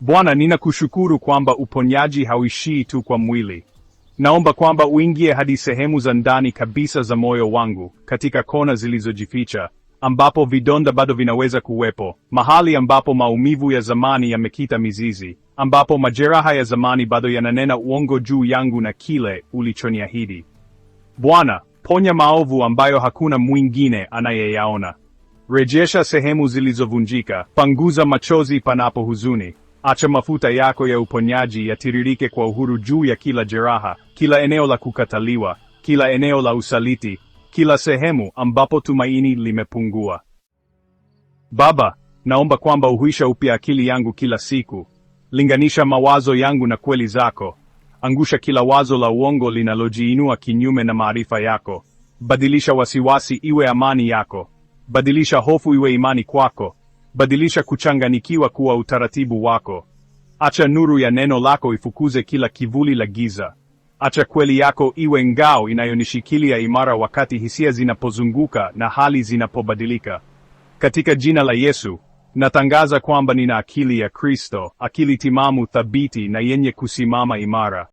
Bwana, ninakushukuru kwamba uponyaji hauishii tu kwa mwili. Naomba kwamba uingie hadi sehemu za ndani kabisa za moyo wangu, katika kona zilizojificha, ambapo vidonda bado vinaweza kuwepo, mahali ambapo maumivu ya zamani yamekita mizizi, ambapo majeraha ya zamani bado yananena uongo juu yangu na kile ulichoniahidi. Bwana, ponya maovu ambayo hakuna mwingine anayeyaona. Rejesha sehemu zilizovunjika, panguza machozi panapo huzuni. Acha mafuta yako ya uponyaji yatiririke kwa uhuru juu ya kila jeraha, kila eneo la kukataliwa, kila eneo la usaliti, kila sehemu ambapo tumaini limepungua. Baba, naomba kwamba uhuisha upya akili yangu kila siku. Linganisha mawazo yangu na kweli zako. Angusha kila wazo la uongo linalojiinua kinyume na maarifa yako. Badilisha wasiwasi iwe amani yako. Badilisha hofu iwe imani kwako. Badilisha kuchanganikiwa kuwa utaratibu wako. Acha nuru ya neno lako ifukuze kila kivuli la giza. Acha kweli yako iwe ngao inayonishikilia imara wakati hisia zinapozunguka na hali zinapobadilika. Katika jina la Yesu, natangaza kwamba nina akili ya Kristo, akili timamu, thabiti na yenye kusimama imara.